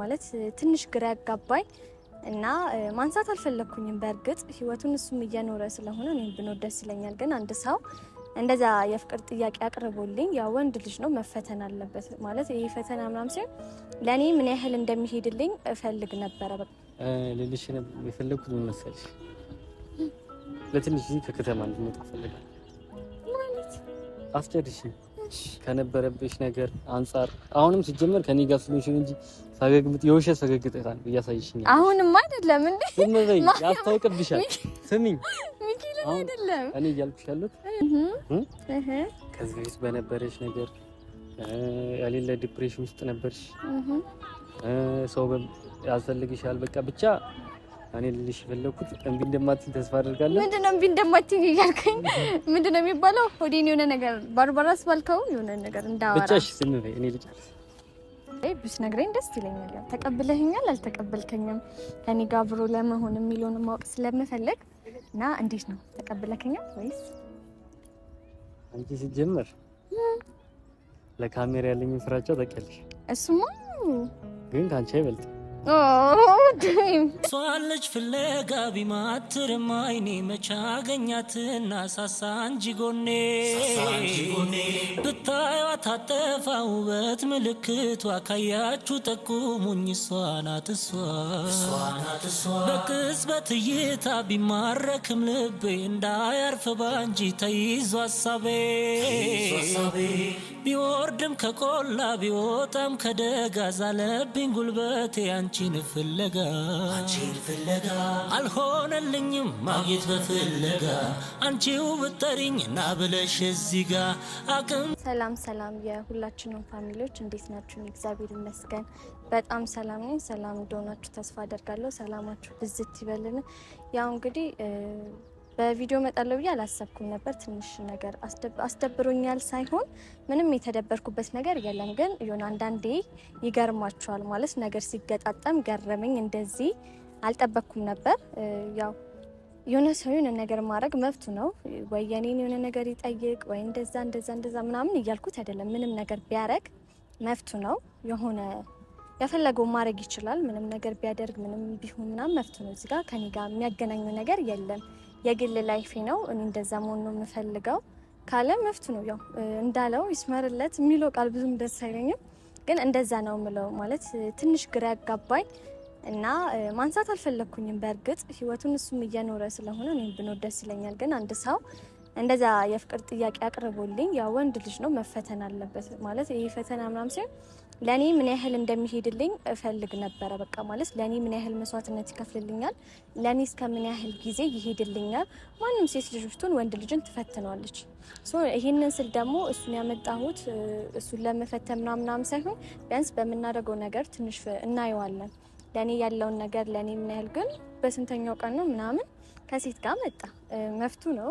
ማለት ትንሽ ግራ ያጋባኝ እና ማንሳት አልፈለግኩኝም። በእርግጥ ህይወቱን እሱም እየኖረ ስለሆነ እኔም ብኖር ደስ ይለኛል። ግን አንድ ሰው እንደዛ የፍቅር ጥያቄ አቅርቦልኝ ያ ወንድ ልጅ ነው መፈተን አለበት ማለት ይህ ፈተና ምናም ሲሆን ለእኔ ምን ያህል እንደሚሄድልኝ እፈልግ ነበረ። ልልሽ የፈለግኩት ምን መሰለሽ፣ ለትንሽ ከከተማ እንድመጣ ፈልጋል ማለት አስጨርሽኝ ከነበረብሽ ነገር አንጻር አሁንም ሲጀመር ከኔ ጋር ስለሽ እንጂ ሳገግምት የውሸት ፈገግታን እያሳይሽኝ አሁንም አይደለም እንዴ? ምንድነው ያስታውቅብሻል። ስሚኝ ሚኪል አይደለም እኔ እያልኩሽ ያለሁት ከዚህ በፊት በነበረሽ ነገር የሌለ ዲፕሬሽን ውስጥ ነበርሽ። ሰው ያስፈልግሻል። በቃ ብቻ እኔ ልልሽ የፈለኩት እምቢ እንደማትይኝ ተስፋ አደርጋለሁ። ምንድን ነው እምቢ እንደማትይኝ እያልከኝ ምንድን ነው የሚባለው? ወዲህ የሆነ ነገር ባርባራስ ባልከው የሆነ ነገር እንዳወራ ብቻሽ ዝም በይ፣ እኔ ልጨርስ። ብትነግረኝ ደስ ይለኛል። ተቀብለኸኛል፣ አልተቀበልከኝም ከኔ ጋር አብሮ ለመሆን የሚለውን ማወቅ ስለምፈልግ እና እንዴት ነው ተቀብለኸኛል ወይስ? አንቺ ሲጀምር ለካሜራ ያለኝ ፍራቻ ታውቂያለሽ። እሱማ ግን ከአንቺ አይበልጥም Oh, ሷለች ልጅ ፍለጋ ቢማትር አይኔ መቻ አገኛትና ሳሳ እንጂ ጎኔ ብታዩዋ ታጠፋ ውበት ምልክቷ ካያችሁ ጠቁሙኝ። እሷ እሷ በቅጽበት እይታ ቢማረክም ልቤ እንዳያርፍ ባንጂ ተይዞ አሳቤ ቢወርድም ከቆላ ቢወጣም ከደጋ ዛለብኝ ጉልበቴ አንቺ አንቺን ፍለጋ አልሆነልኝም ማግኘት በፍለጋ አንቺው ብጠሪኝ ና ብለሽ እዚህ ጋ አቅም። ሰላም ሰላም፣ የሁላችንም ፋሚሊዎች እንዴት ናችሁን? እግዚአብሔር ይመስገን በጣም ሰላም ነኝ። ሰላም እንደሆናችሁ ተስፋ አደርጋለሁ። ሰላማችሁ ብዝት ይበልን። ያው እንግዲህ በቪዲዮ እመጣለሁ ብዬ አላሰብኩም ነበር። ትንሽ ነገር አስደብሮኛል ሳይሆን ምንም የተደበርኩበት ነገር የለም። ግን የሆነ አንዳንዴ ይገርማቸዋል ማለት ነገር ሲገጣጠም ገረመኝ። እንደዚህ አልጠበቅኩም ነበር። ያው የሆነ ሰው የሆነ ነገር ማድረግ መብቱ ነው ወይ የኔን የሆነ ነገር ይጠይቅ ወይ እንደዛ እንደዛ እንደዛ ምናምን እያልኩት አይደለም። ምንም ነገር ቢያረግ መብቱ ነው የሆነ ያፈለገው ማድረግ ይችላል። ምንም ነገር ቢያደርግ ምንም ቢሆን ምናምን ነው። እዚጋ ከኔ ጋር የሚያገናኘው ነገር የለም። የግል ላይፌ ነው እኔ እንደዛ መሆን ነው የምፈልገው ካለ መፍት ነው። ያው እንዳለው ይስመርለት የሚለው ቃል ብዙም ደስ አይለኝም፣ ግን እንደዛ ነው የምለው። ማለት ትንሽ ግራ ያጋባኝ እና ማንሳት አልፈለግኩኝም። በእርግጥ ህይወቱን እሱም እየኖረ ስለሆነ እኔም ብኖር ደስ ይለኛል። ግን አንድ ሰው እንደዛ የፍቅር ጥያቄ አቅርቦልኝ ያ ወንድ ልጅ ነው መፈተን አለበት ማለት ይህ ፈተና ምናምን ሲሆን ለእኔ ምን ያህል እንደሚሄድልኝ እፈልግ ነበረ። በቃ ማለት ለእኔ ምን ያህል መስዋዕትነት ይከፍልልኛል፣ ለእኔ እስከ ምን ያህል ጊዜ ይሄድልኛል። ማንም ሴት ልጅ ወንድ ልጅን ትፈትነዋለች። ይህንን ስል ደግሞ እሱን ያመጣሁት እሱን ለመፈተን ምናምናም ሳይሆን ቢያንስ በምናደርገው ነገር ትንሽ እናየዋለን። ለእኔ ያለውን ነገር ለእኔ ምን ያህል ግን በስንተኛው ቀን ነው ምናምን ከሴት ጋር መጣ መፍቱ ነው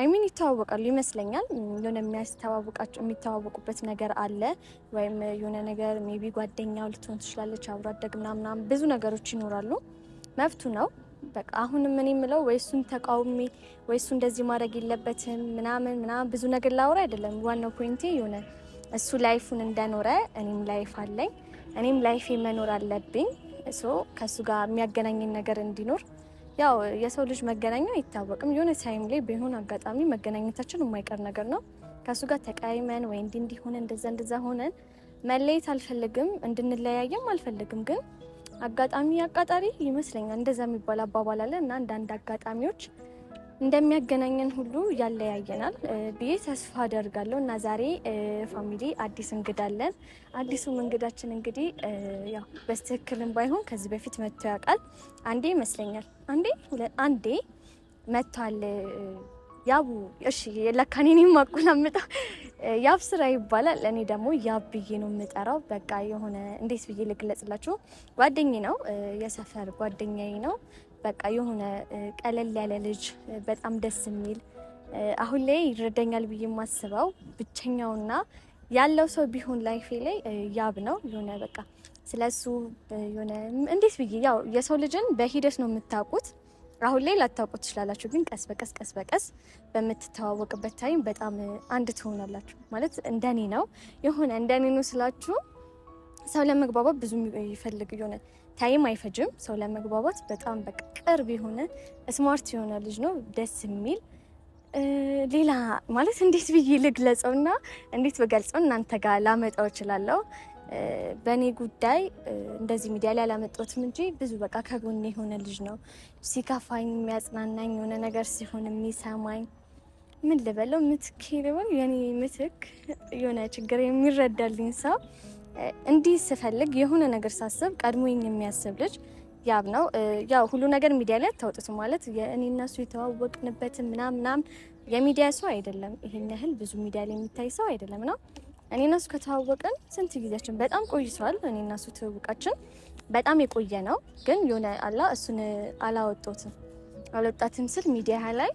አይሚን ይተዋወቃሉ ይመስለኛል። የሆነ የሚያስተዋውቃቸው የሚተዋወቁበት ነገር አለ ወይም የሆነ ነገር ቢ ጓደኛው ልትሆን ትችላለች፣ አብሮ አደግ ምናምናም ብዙ ነገሮች ይኖራሉ። መብቱ ነው። በቃ አሁንም እኔ የምለው ወይ እሱን ተቃውሚ ወይ እሱ እንደዚህ ማድረግ የለበትም ምናምን ምናምን ብዙ ነገር ላወራ አይደለም። ዋናው ፖይንቴ የሆነ እሱ ላይፉን እንደኖረ እኔም ላይፍ አለኝ፣ እኔም ላይፌ መኖር አለብኝ። ሶ ከእሱ ጋር የሚያገናኝን ነገር እንዲኖር ያው የሰው ልጅ መገናኘው አይታወቅም። የሆነ ታይም ላይ በሆነ አጋጣሚ መገናኘታችን የማይቀር ነገር ነው። ከእሱ ጋር ተቀያይመን ወይ እንዲ ሆነ እንደዛ እንደዛ ሆነን መለየት አልፈልግም፣ እንድንለያየም አልፈልግም። ግን አጋጣሚ አቃጣሪ ይመስለኛል እንደዛ የሚባል አባባል አለ እና አንዳንድ አጋጣሚዎች እንደሚያገናኘን ሁሉ ያለያየናል ብዬ ተስፋ አደርጋለሁ እና ዛሬ ፋሚሊ አዲስ አለን። አዲሱም እንግዳችን እንግዲህ ያው በትክክልም ባይሆን ከዚህ በፊት መጥቶ ያውቃል። አንዴ ይመስለኛል አንዴ አንዴ መጥቷል። ያቡ እሺ፣ ለካ እኔን ያብ ስራ ይባላል። እኔ ደግሞ ያብ ብዬ ነው የምጠራው። በቃ የሆነ እንዴት ብዬ ልግለጽላችሁ፣ ጓደኝ ነው የሰፈር ጓደኛዬ ነው በቃ የሆነ ቀለል ያለ ልጅ በጣም ደስ የሚል አሁን ላይ ይረዳኛል ብዬ የማስበው ብቸኛውና ያለው ሰው ቢሆን ላይፌ ላይ ያብ ነው። የሆነ በቃ ስለሱ የሆነ እንዴት ብዬ ያው የሰው ልጅን በሂደት ነው የምታውቁት። አሁን ላይ ላታውቁ ትችላላችሁ፣ ግን ቀስ በቀስ ቀስ በቀስ በምትተዋወቅበት ታይም በጣም አንድ ትሆናላችሁ። ማለት እንደኔ ነው የሆነ እንደኔ ነው ስላችሁ ሰው ለመግባባት ብዙ ይፈልግ ይሆናል ታይም አይፈጅም። ሰው ለመግባባት በጣም በቃ ቅርብ የሆነ ስማርት የሆነ ልጅ ነው። ደስ የሚል ሌላ ማለት እንዴት ብዬ ልግለጸው እና እንዴት በገልጸው እናንተ ጋር ላመጣው እችላለሁ። በእኔ ጉዳይ እንደዚህ ሚዲያ ላይ አላመጣሁትም እንጂ ብዙ በቃ ከጎን የሆነ ልጅ ነው። ሲከፋኝ የሚያጽናናኝ፣ የሆነ ነገር ሲሆን የሚሰማኝ ምን ልበለው ምትክ ልበል የኔ ምትክ የሆነ ችግር የሚረዳልኝ ሰው እንዲህ ስፈልግ የሆነ ነገር ሳስብ ቀድሞኝ የሚያስብ ልጅ ያብ ነው። ያው ሁሉ ነገር ሚዲያ ላይ አታውጡትም ማለት የእኔ እነሱ የተዋወቅንበትን ምናምን ምናምን የሚዲያ ሰው አይደለም። ይሄን ያህል ብዙ ሚዲያ ላይ የሚታይ ሰው አይደለም ነው። እኔ እነሱ ከተዋወቅን ስንት ጊዜያችን በጣም ቆይቷል። እኔ እነሱ ትውውቃችን በጣም የቆየ ነው፣ ግን የሆነ አላ እሱን አላወጣትም አልወጣትም ስል ሚዲያ ላይ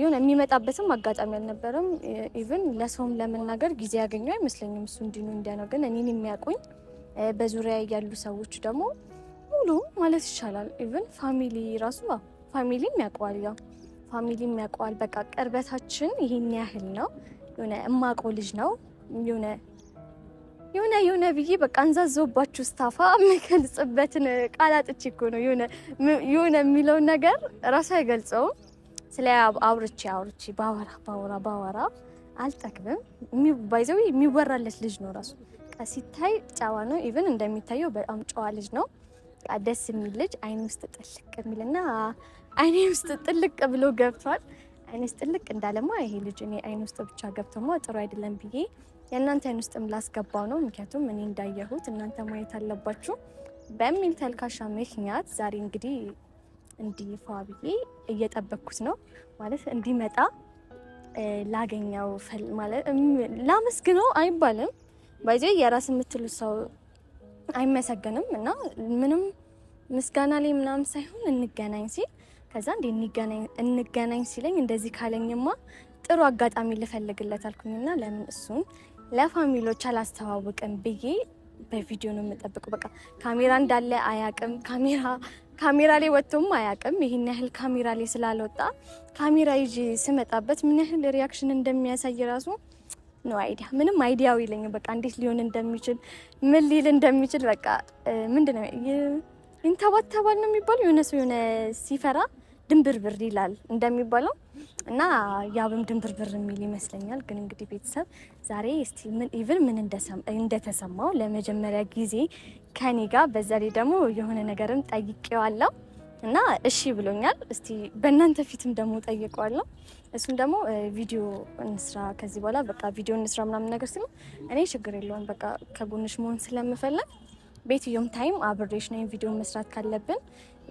የሆነ የሚመጣበትም አጋጣሚ አልነበረም። ኢቭን ለሰውም ለመናገር ጊዜ ያገኘው አይመስለኝም። እሱ እንዲኑ እንዲያ ነው። ግን እኔን የሚያውቁኝ በዙሪያ ያሉ ሰዎች ደግሞ ሙሉ ማለት ይቻላል ኢቭን ፋሚሊ ራሱ ፋሚሊም ያውቀዋል፣ ያው ፋሚሊም ያውቀዋል። በቃ ቅርበታችን ይህን ያህል ነው። የሆነ እማቆ ልጅ ነው የሆነ የሆነ የሆነ ብዬ በቃ አንዛዘውባችሁ ስታፋ የሚገልጽበትን ቃል አጥቼ እኮ ነው የሆነ የሚለውን ነገር ራሱ አይገልጸውም ስለ አውርቼ አውርቼ ባወራ ባወራ ባወራ አልጠግብም። ባይዘው የሚወራለት ልጅ ነው ራሱ ሲታይ ጨዋ ነው። ኢቨን እንደሚታየው በጣም ጨዋ ልጅ ነው። ደስ የሚል ልጅ አይኔ ውስጥ ጥልቅ የሚልና አይኔ ውስጥ ጥልቅ ብሎ ገብቷል። አይን ውስጥ ጥልቅ እንዳለማ ይሄ ልጅ እኔ አይን ውስጥ ብቻ ገብተማ ጥሩ አይደለም ብዬ የእናንተ አይን ውስጥም ላስገባው ነው። ምክንያቱም እኔ እንዳየሁት እናንተ ማየት አለባችሁ በሚል ተልካሻ ምክንያት ዛሬ እንግዲህ እንዲፋ ብዬ እየጠበኩት ነው ማለት እንዲመጣ ላገኘው ላመስግነው አይባልም። ባይዘ የራስ የምትሉት ሰው አይመሰገንም እና ምንም ምስጋና ላይ ምናምን ሳይሆን እንገናኝ ሲል ከዛ እንዲ እንገናኝ ሲለኝ እንደዚህ ካለኝማ ጥሩ አጋጣሚ ልፈልግለት አልኩኝና ለምን እሱን ለፋሚሎች አላስተዋውቅም ብዬ በቪዲዮ ነው የምጠብቀው። በቃ ካሜራ እንዳለ አያቅም ካሜራ ካሜራ ላይ ወጥቶም አያውቅም። ይህን ያህል ካሜራ ላይ ስላልወጣ ካሜራ ይዤ ስመጣበት ምን ያህል ሪያክሽን እንደሚያሳይ ራሱ ነው አይዲያ ምንም አይዲያው የለኝም። በቃ እንዴት ሊሆን እንደሚችል ምን ሊል እንደሚችል በቃ ምንድነው ይንተባተባል ነው የሚባለው የሆነ ሰው የሆነ ሲፈራ ድንብር ብር ይላል እንደሚባለው እና ያብም ድንብር ብር የሚል ይመስለኛል። ግን እንግዲህ ቤተሰብ ዛሬ እስቲ ምን ኢቭን ምን እንደተሰማው ለመጀመሪያ ጊዜ ከኔ ጋር በዛ ላይ ደግሞ የሆነ ነገርም ጠይቄዋለሁ እና እሺ ብሎኛል። እስቲ በእናንተ ፊትም ደግሞ ጠይቀዋለሁ። እሱም ደግሞ ቪዲዮ እንስራ ከዚህ በኋላ በቃ ቪዲዮ እንስራ ምናምን ነገር ሲሉ እኔ ችግር የለውም በቃ ከጎንሽ መሆን ስለምፈለግ ቤትዮም ታይም አብሬሽ ነው ቪዲዮ መስራት ካለብን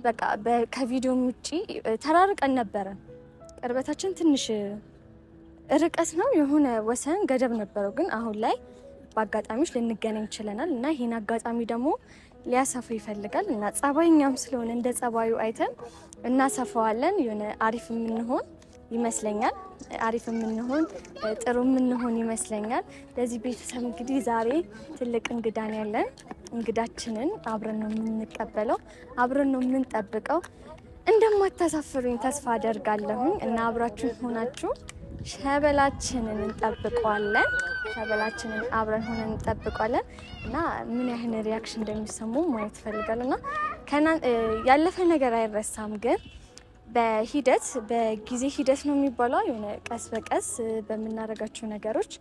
በቃ ከቪዲዮም ውጪ ተራርቀን ነበረ። ቅርበታችን ትንሽ ርቀት ነው የሆነ ወሰን ገደብ ነበረው፣ ግን አሁን ላይ በአጋጣሚዎች ልንገናኝ ችለናል እና ይህን አጋጣሚ ደግሞ ሊያሰፋ ይፈልጋል እና ጸባይኛም ስለሆነ እንደ ጸባዩ አይተን እናሰፋዋለን። የሆነ አሪፍ የምንሆን ይመስለኛል። አሪፍ የምንሆን ጥሩ የምንሆን ይመስለኛል። ለዚህ ቤተሰብ እንግዲህ ዛሬ ትልቅ እንግዳን ያለን እንግዳችንን አብረን ነው የምንቀበለው፣ አብረን ነው የምንጠብቀው። እንደማታሳፍሩኝ ተስፋ አደርጋለሁኝ እና አብራችሁ ሆናችሁ ሸበላችንን እንጠብቀዋለን። ሸበላችንን አብረን ሆነን እንጠብቀዋለን እና ምን ያህል ሪያክሽን እንደሚሰሙ ማየት እፈልጋለሁ እና ያለፈ ነገር አይረሳም ግን በሂደት በጊዜ ሂደት ነው የሚባለው። የሆነ ቀስ በቀስ በምናደርጋቸው ነገሮች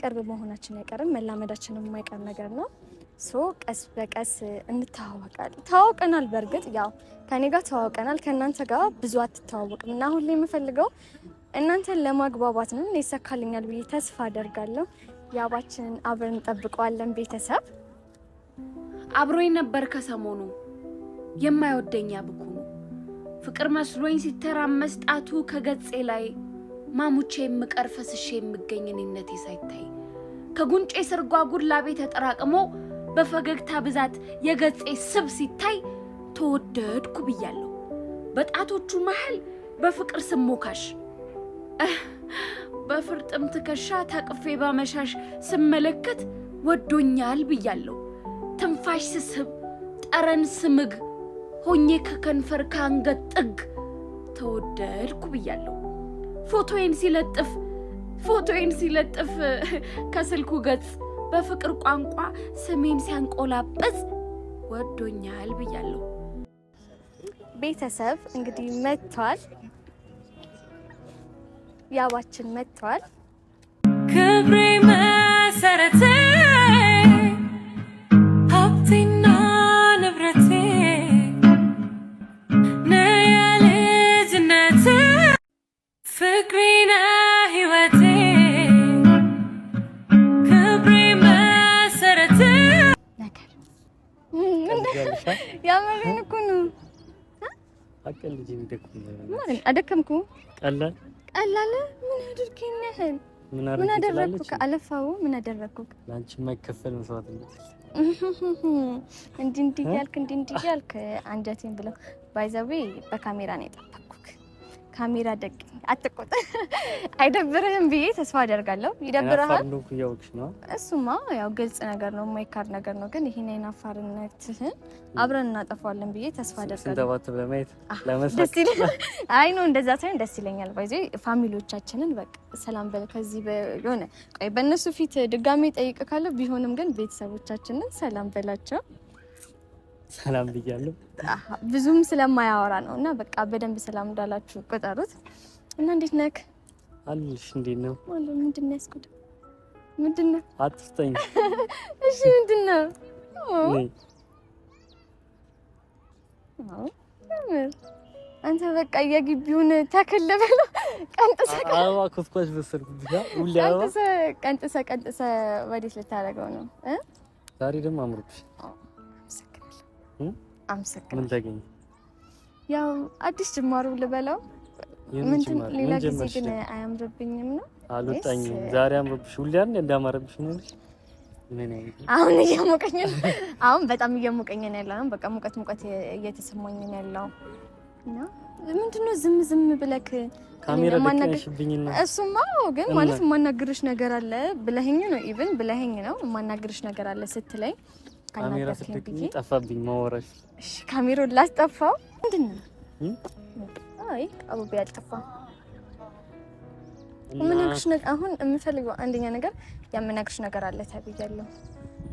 ቅርብ መሆናችን አይቀርም፣ መላመዳችን የማይቀር ነገር ነው። ሶ ቀስ በቀስ እንተዋወቃለን። ተዋውቀናል። በእርግጥ ያው ከኔ ጋር ተዋውቀናል። ከእናንተ ጋር ብዙ አትተዋወቅም እና አሁን የምፈልገው እናንተን ለማግባባት ነው። ይሳካልኛል ብዬ ተስፋ አደርጋለሁ። ያባችንን አብረን እንጠብቀዋለን። ቤተሰብ አብሮኝ ነበር ከሰሞኑ የማይወደኛ ብኩ ፍቅር መስሎኝ ሲተራመስ ጣቱ ከገጼ ላይ ማሙቼ የምቀር ፈስሼ የምገኝ እኔነቴ ሳይታይ ከጉንጬ ስር ላቤ ተጠራቅሞ በፈገግታ ብዛት የገጼ ስብ ሲታይ ተወደድኩ ብያለሁ። በጣቶቹ መሃል በፍቅር ስሞካሽ፣ በፍርጥም ትከሻ ታቅፌ ባመሻሽ ስመለከት ወዶኛል ብያለሁ። ትንፋሽ ስስብ፣ ጠረን ስምግ ሆኜ ከከንፈር ከአንገት ጥግ ተወደድኩ ብያለሁ። ፎቶዬን ሲለጥፍ ፎቶዬን ሲለጥፍ ከስልኩ ገጽ በፍቅር ቋንቋ ስሜም ሲያንቆላበዝ ወዶኛል ብያለሁ። ቤተሰብ እንግዲህ መጥቷል፣ ያባችን መጥቷል። ክብሬ መሰረት አደከምኩ። ቀላል ቀላል። ምን አድርጌ ነህን? ምን አደረግኩ? አለፋው ምን አደረግኩ? ላንቺ የማይከፈል መስዋዕትነት እንዲህ እንዲህ እያልክ እንዲህ እንዲህ እያልክ አንጀቴን ብለው ባይዘዌ በካሜራ ነው የጠፋው ካሜራ ደቅ አትቆጥ አይደብርህም ብዬ ተስፋ አደርጋለሁ። ይደብርሃል እሱማ ያው ግልጽ ነገር ነው፣ የማይካድ ነገር ነው። ግን ይሄን አይናፋርነትህን አብረን እናጠፋዋለን ብዬ ተስፋ አደርጋለሁ። ደስ ይለኛል። አይ ነው እንደዛ ሳይሆን ደስ ይለኛል። ባይዜ ፋሚሊዎቻችንን በቃ ሰላም በል ከዚህ የሆነ ቆይ በእነሱ ፊት ድጋሜ ጠይቅ ካለው ቢሆንም ግን ቤተሰቦቻችንን ሰላም በላቸው። ሰላም ብያለሁ። ብዙም ስለማያወራ ነው እና በቃ በደንብ ሰላም እንዳላችሁ ቆጠሩት እና እንዴት ነክ አልሽ? እንዴት ነው? ምንድን ነው ያስኩት? ምንድን ነው? አትፍጠኝ። እሺ፣ ምንድን ነው? አንተ በቃ የግቢውን ተክል ብለው ቀንጥሰ አበባ ኮስኳሽ በሰርኩብህ ሁሌ አበባ ወዴት ልታደርገው ነው? ዛሬ ደግሞ አምሮብሽ አመሰግናለሁ። ያው አዲስ ጅማሩ ልበለው ምንድን ሌላ ጊዜ ግን አያምርብኝም ነው አልወጣኝም። ዛሬ አምሮብሽ ሁሌ እንዳማረብሽ ነው። አሁን እየሞቀኝ አሁን በጣም እየሞቀኝ ነው ያለው። በቃ ሙቀት ሙቀት እየተሰማኝ ነው ያለው። እና ምንድነው ዝም ዝም ብለክ እሱማ ግን ማለት የማናግርሽ ነገር አለ ብለኸኝ ነው ኢቭን ብለኸኝ ነው የማናግርሽ ነገር አለ ስትለኝ ካሜራ ስልክ ጠፋብኝ። ማወራሽ እሺ፣ ካሜራውን ላስጠፋው ምንድን ነው? አይ አቡቤ አልጠፋም። የምነግርሽ ነገር አሁን የምፈልገው አንደኛ ነገር የምነግርሽ ነገር አለ ተብያለሁ።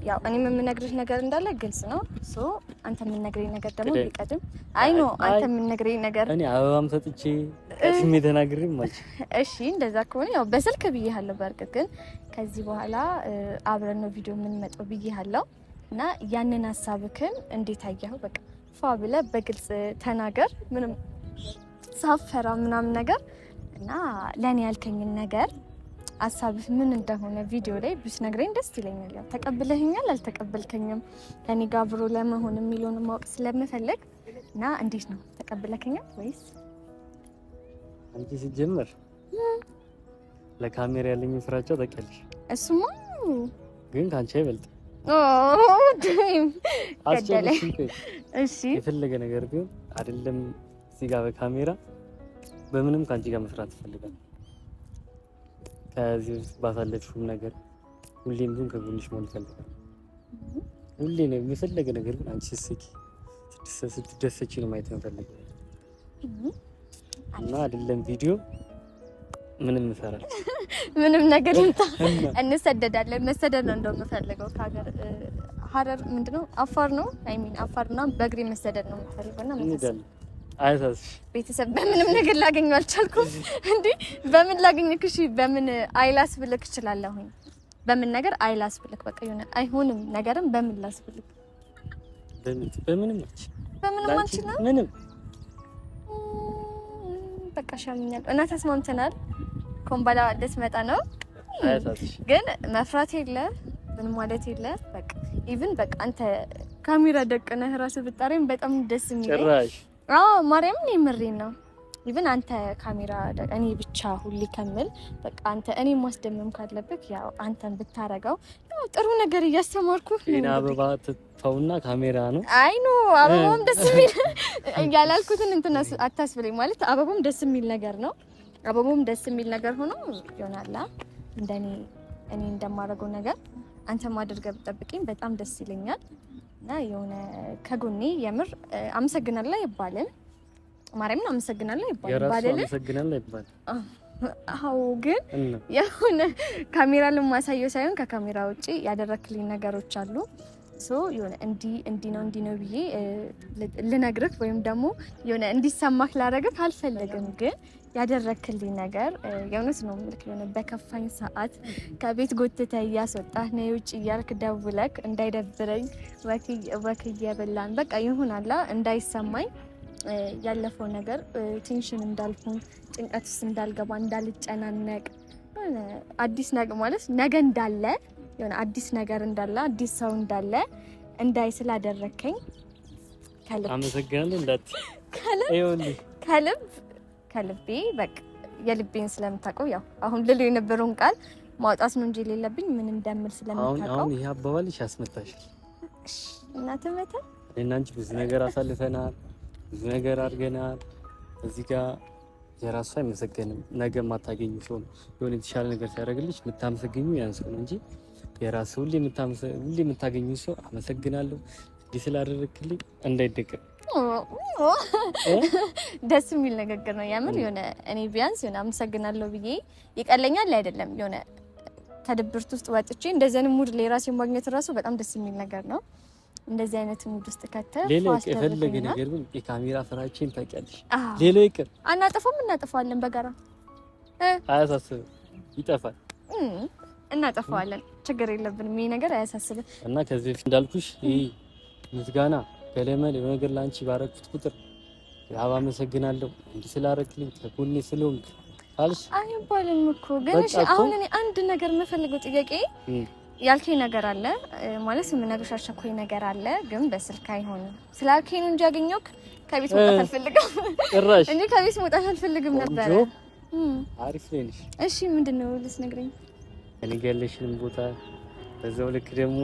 ያው እኔም የምነግርሽ ነገር እንዳለ ግልጽ ነው። ሶ አንተ የምነግረኝ ነገር ደግሞ ቢቀድም አይ ኖ አንተ የምነግረኝ ነገር እኔ አበባም ሰጥቼ ስሜ ተናግሬ ማች እሺ፣ እንደዛ ከሆነ ያው በስልክ ብዬሃለሁ። በእርግጥ ግን ከዚህ በኋላ አብረን ነው ቪዲዮ የምንመጣው ብዬሃለሁ። እና ያንን ሀሳብክን እንዴት አየኸው? በቃ ፏ ብለ በግልጽ ተናገር፣ ምንም ሳፈራ ምናምን ነገር እና ለእኔ ያልከኝን ነገር ሀሳብህ ምን እንደሆነ ቪዲዮ ላይ ብትነግረኝ ደስ ይለኛል። ያው ተቀብለህኛል አልተቀበልከኝም ከኔ ጋር አብሮ ለመሆን የሚለውን ማወቅ ስለምፈልግ እና እንዴት ነው ተቀብለከኛል ወይስ? አንቺ ሲጀምር ለካሜራ ያለኝ ፍራቻ ታውቂያለሽ። እሱማ ግን ከአንቺ አይበልጥ የፈለገ ነገር ቢሆን አይደለም እዚህ ጋር በካሜራ በምንም ከአንቺ ጋር መስራት ይፈልጋል። ከዚህ በፊት ባሳለፍሽውም ነገር ሁሌም ቢሆን ከጎንሽ መሆን ይፈልጋል። ሁሌ ነው የፈለገ ነገር ግን አንቺ ስትስቂ ስትደሰች ነው ማየት ነው ፈልጋል እና አይደለም ቪዲዮ ምንም እንሰራለን፣ ምንም ነገር ይምጣ እንሰደዳለን። መሰደድ ነው እንደው የምፈልገው ከሀገር ሀረር ምንድነው አፋር ነው አይ ሚን አፋር እና በእግሬ መሰደድ ነው የምፈልገውና መሰደድ ቤተሰብ በምንም ነገር ላገኘው አልቻልኩም። እንዴ በምን ላገኘክሽ? በምን አይላስ ብልክ እችላለሁኝ። በምን ነገር አይላስ ብልክ በቃ ይሆነ አይሆንም ነገርም በምን ላስ ብልክ በምንም በምንም አንቺ ምንም በቃ ሻምኛል እና ተስማምተናል። ኮምባላ ደስ መጣ ነው፣ ግን መፍራት የለ ምን ማለት የለ በቃ ኢቭን በቃ አንተ ካሜራ ደቅነህ ራስህ ብታረም በጣም ደስ የሚል ጭራሽ። አዎ ማርያምን የምሬን ነው ኢቨን አንተ ካሜራ እኔ ብቻ ሁሌ ከምል በቃ አንተ እኔ ማስደመም ካለብህ ያው አንተን ብታረገው ጥሩ ነገር እያስተማርኩ አበባ ትተውና ካሜራ ነው። አይ ኖ አበባም ደስ የሚል ያላልኩትን እንትን አታስብለኝ ማለት አበባም ደስ የሚል ነገር ነው። አበባም ደስ የሚል ነገር ሆኖ ይሆናላ እንደኔ እኔ እንደማደርገው ነገር አንተ ማድረገህ ብጠብቅኝ በጣም ደስ ይለኛል። እና የሆነ ከጎኔ የምር አመሰግናለሁ ይባልን ማርያም ነው አመሰግናለሁ ይባላል። ይባላል። አዎ ግን የሆነ ካሜራ ልማሳየው ሳይሆን ከካሜራ ውጭ ያደረክልኝ ነገሮች አሉ። ሶ የሆነ እንዲ እንዲ ነው እንዲ ነው ብዬ ልነግርህ ወይም ደግሞ የሆነ እንዲሰማህ ላደረግህ አልፈለግም። ግን ያደረክልኝ ነገር የእውነት ነው ምልክ የሆነ በከፋኝ ሰዓት ከቤት ጎትተህ እያስወጣህ ነይ ውጭ እያልክ ደውለክ እንዳይደብረኝ ወክ እየበላን በቃ ይሁን አላ እንዳይሰማኝ ያለፈው ነገር ቴንሽን እንዳልሆን፣ ጭንቀት ውስጥ እንዳልገባ፣ እንዳልጨናነቅ አዲስ ነገር ማለት ነገ እንዳለ የሆነ አዲስ ነገር እንዳለ አዲስ ሰው እንዳለ እንዳይ ስላደረከኝ ከልብ ከልቤ በቃ የልቤን ስለምታውቀው ያው አሁን ልል የነበረውን ቃል ማውጣት ነው እንጂ የሌለብኝ ምን እንደምል ስለምታውቀው አሁን ይሄ አባባልሽ ያስመታሻል እና ብዙ ነገር አሳልፈናል ብዙ ነገር አድርገናል። እዚህ ጋር የራሱ አይመሰገንም። ነገ የማታገኙ ሰው ነው። የሆነ የተሻለ ነገር ሲያደርግልሽ የምታመሰግኙ ያን ሰው ነው እንጂ የራሱ ሁሌ የምታገኙ ሰው አመሰግናለሁ እንዲህ ስላደረግክልኝ እንዳይደቀም ደስ የሚል ንግግር ነው። የምር የሆነ እኔ ቢያንስ የሆነ አመሰግናለሁ ብዬ ይቀለኛል አይደለም የሆነ ከድብርት ውስጥ ወጥቼ እንደዚያን ሙድ ላይ ራሴ ማግኘት ራሱ በጣም ደስ የሚል ነገር ነው። እንደዚህ አይነት ሙድ ውስጥ ከተህ ሌላ ይቅር፣ የፈለገ ነገር ግን የካሜራ ፍራቼን ታውቂያለሽ። ሌላ ይቅር፣ አናጠፋም፣ እናጠፋዋለን በጋራ አያሳስብም፣ ይጠፋል፣ እናጠፋዋለን፣ ችግር የለብንም። ይሄ ነገር አያሳስብ እና ከዚህ በፊት እንዳልኩሽ ይህ ምስጋና ገለመል የሆነ ነገር ለአንቺ ባረኩት ቁጥር ያባ አመሰግናለሁ እንዲህ ስላረክልኝ ከጎኔ ስለሆንክ አልሽ አይባልም እኮ ግን። እሺ አሁን እኔ አንድ ነገር የምፈልገው ጥያቄ ያልከኝ ነገር አለ ማለት የምነግርሽ አስቸኳይ ነገር አለ፣ ግን በስልክ አይሆንም ስለ ነው እንጂ ያገኘሁት ከቤት መውጣት አልፈልግም። ጭራሽ እንጂ ከቤት መውጣት አልፈልግም ነበረ። አሪፍ ነሽ። እሺ ምንድን ነው ልትነግረኝ? ያለሽንም ቦታ በዛው ልክ ደግሞ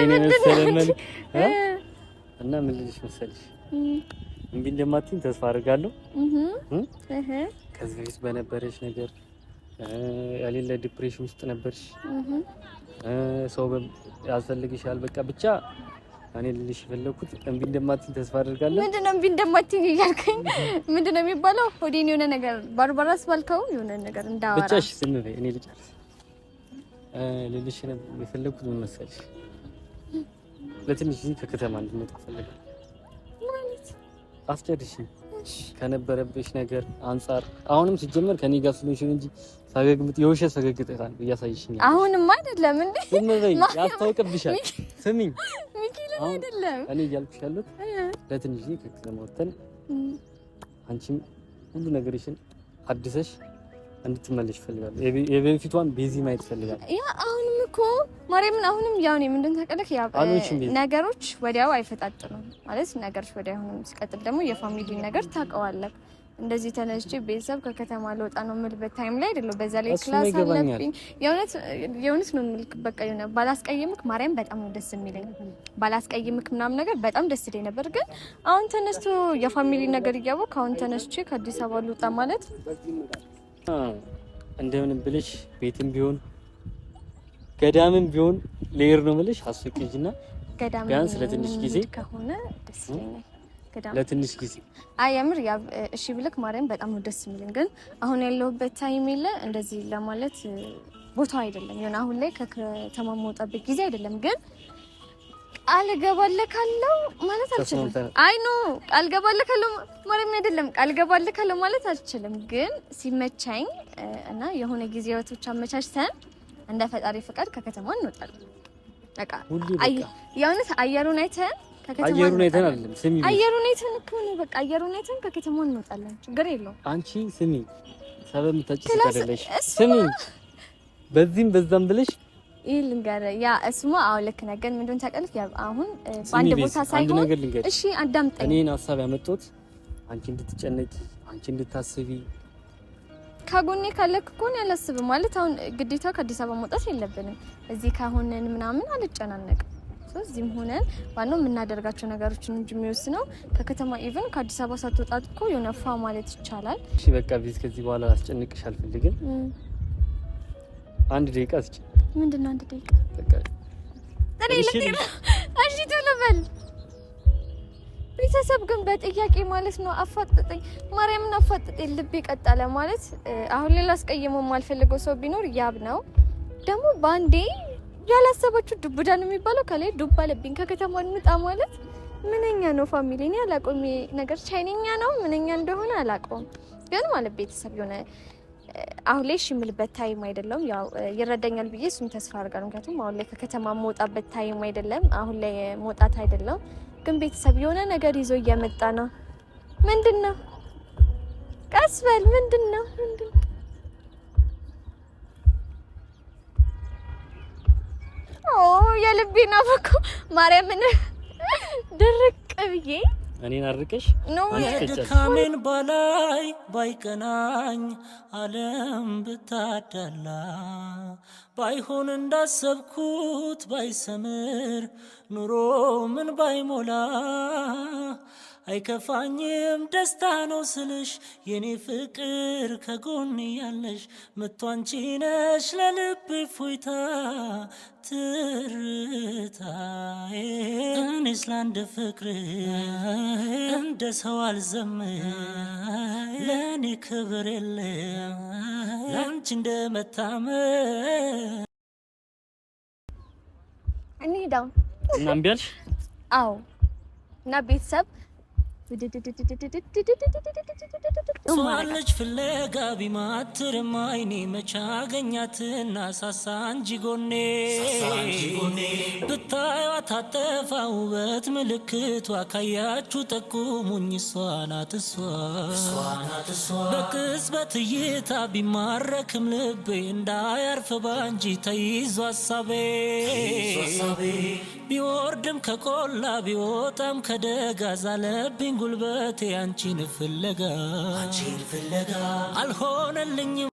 እኔ መሰለ መልክ እና ምን ልልሽ መሰለሽ እምቢ እንደማትይኝ ተስፋ አድርጋለሁ። ከዚህ በፊት በነበረች ነገር የሌለ ዲፕሬሽን ውስጥ ነበርሽ። ሰው ያስፈልግሻል። በቃ ብቻ እኔ ልልሽ የፈለኩት እምቢ እንደማትኝ ተስፋ አድርጋለሁ። ምንድን ነው እምቢ እንደማትኝ እያልከኝ ምንድን ነው የሚባለው? ሆዴን የሆነ ነገር ባርባራስ ባልከው የሆነ ነገር እንዳወራ ብቻ። እሺ ዝም በይ፣ እኔ ልጨርስ። ልልሽ የፈለኩት ምን መሰለሽ፣ ለትንሽ ከከተማ እንድንወጣ ማለት አስጨርሽኝ ከነበረብሽ ነገር አንጻር አሁንም ሲጀመር ከኔ ጋር ስለሽን እንጂ ሳገግምት የውሸት ፈገግታን እያሳይሽኝ አሁንም አይደለም እንዴ? ዝም በይ ያስታውቅብሻል። ስሚኝ ሚኪል አይደለም እኔ እያልኩሽ ያሉት ለትንሽ ጊዜ ከከተማ ወጥተን አንቺም ሁሉ ነገርሽን አድሰሽ እንድትመለሽ ይፈልጋል። የበፊቷን ቤዚ ማየት ይፈልጋል። እኮ ማርያምን አሁንም ያው ነው ምንድን ታቀለክ ያው ነገሮች ወዲያው አይፈጣጥኑም ማለት ነገሮች ወዲያው አሁንም ሲቀጥል ደግሞ የፋሚሊ ነገር ታውቀዋለህ። እንደዚህ ተነስቼ ቤተሰብ ከከተማ ለወጣ ነው የምልበት ታይም ላይ አይደለሁ። በዛ ላይ ክላስ አለብኝ። የእውነት የእውነት ነው የምልክ። በቃ የሆነ ባላስቀይምክ ማርያም በጣም ነው ደስ የሚለኝ። ባላስቀይምክ ምናምን ነገር በጣም ደስ ይለኝ ነበር። ግን አሁን ተነስቶ የፋሚሊ ነገር እያወቅህ አሁን ተነስቼ ከአዲስ አበባ ልወጣ ማለት እንደምን ብለሽ ቤትም ቢሆን ገዳምም ቢሆን ሌየር ነው የምልሽ። አስፈቅጂና ቢያንስ ለትንሽ ጊዜ ከሆነ ደስ ይለኛል። ለትንሽ ጊዜ አይ የምር ያ እሺ ብልክ ማርያም በጣም ነው ደስ የሚለኝ። ግን አሁን ያለሁበት ታይም የለ እንደዚህ ለማለት ቦታ አይደለም። ይሁን አሁን ላይ ከከተማ መውጣበት ጊዜ አይደለም። ግን ቃል ገባለካለው ማለት አልችልም። አይ ኖ ቃል ገባለካለው ማርያም አይደለም። ቃል ገባለካለው ማለት አልችልም። ግን ሲመቻኝ እና የሆነ ጊዜያቶች አመቻችተን እንደ ፈጣሪ ፈቃድ ከከተማ እንወጣለን። በቃ የእውነት አየሩን አይተን አየሩን አይተን አይደለም፣ ስሚ፣ አየሩን አይተን እኮ ነው። በቃ አየሩን አይተን ከከተማ እንወጣለን። ችግር የለውም። አንቺ ስሚ፣ ሰበብ የምታጭስ አይደለሽ። ስሚ፣ በዚህም በዛም ብለሽ ይህ ልንገርህ፣ ያ እስማ አሁን ልክ ነገር ምንድን ያ አሁን በአንድ ቦታ ሳይሆን እሺ፣ አዳምጠኝ። እኔን ሀሳብ ያመጡት አንቺ እንድትጨነቂ አንቺ እንድታስቢ ከጎኔ ካለክ እኮ እኔ ማለት አሁን ግዴታ ከአዲስ አበባ መውጣት የለብንም። እዚህ ከሆነን ምናምን አልጨናነቅም። እዚህም ሆነን ዋናው የምናደርጋቸው ነገሮችን እንጂ የሚወስነው ከከተማ ኢቨን ከአዲስ አበባ ሳትወጣት እኮ የሆነ ፋ ማለት ይቻላል። እሺ በቃ ቤት ከዚህ በኋላ አስጨንቅሽ አልፈልግም። አንድ ደቂቃ ስጭ። ምንድን ነው አንድ ደቂቃ? በቃ እሺ ትልበል ቤተሰብ ግን በጥያቄ ማለት ነው አፋጠጠኝ። ማርያምን አፋጥጠኝ። ልብ ይቀጣለ ማለት አሁን ሌላ አስቀይሞ የማልፈልገው ሰው ቢኖር ያብ ነው። ደግሞ በአንዴ ያላሰባችሁ ዱቡዳ ነው የሚባለው። ከላይ ዱብ አለብኝ ከከተማ እንውጣ ማለት ምንኛ ነው ፋሚሊ። እኔ አላውቀውም ነገር ቻይነኛ ነው ምንኛ እንደሆነ አላውቀውም። ግን ማለት ቤተሰብ የሆነ አሁን ላይ እሺ የምልበት ታይም አይደለም። ያው ይረዳኛል ብዬ እሱም ተስፋ አድርጋል ምክንያቱም አሁን ላይ ከከተማ መውጣበት ታይም አይደለም። አሁን ላይ መውጣት አይደለም ግን ቤተሰብ የሆነ ነገር ይዞ እየመጣ ነው። ምንድን ነው? ቀስ በል። ምንድን ነው? ምንድን ነው? ኦ የልቤ ናፈቀው ማርያምን ድርቅ ብዬ እኔን አርቀሽ ድካሜን በላይ ባይቀናኝ ዓለም ብታዳላ ባይሆን እንዳሰብኩት ባይሰምር ኑሮ ምን ባይሞላ አይከፋኝም ደስታ ነው ስልሽ የኔ ፍቅር ከጎን ያለሽ መቶ ነሽ ለልብ ፎይታ ትርታ እኔስ ለአንድ ፍቅር እንደ ሰው አልዘም ለእኔ ክብር የለ ለአንቺ እንደ መታመ እና እምቢ አልሽ? አዎ እና ቤተሰብ እሷን ልጅ ፍለጋ ቢማትር አይኔ መቻ አገኛትና ሳሳ እንጂ ጎኔ ብታዩዋ ታጠፋ ውበት ምልክቷ ካያችሁ ጠቁሙኝ። እሷ እሷ በቅጽበት እይታ ቢማረክም ልቤ እንዳያርፍ ባንጂ ተይዞ አሳቤ ቢወርድም ከቆላ ቢወጣም ከደጋ ዛለብኝ ጉልበቴ አንቺን ፍለጋ አልሆነልኝም።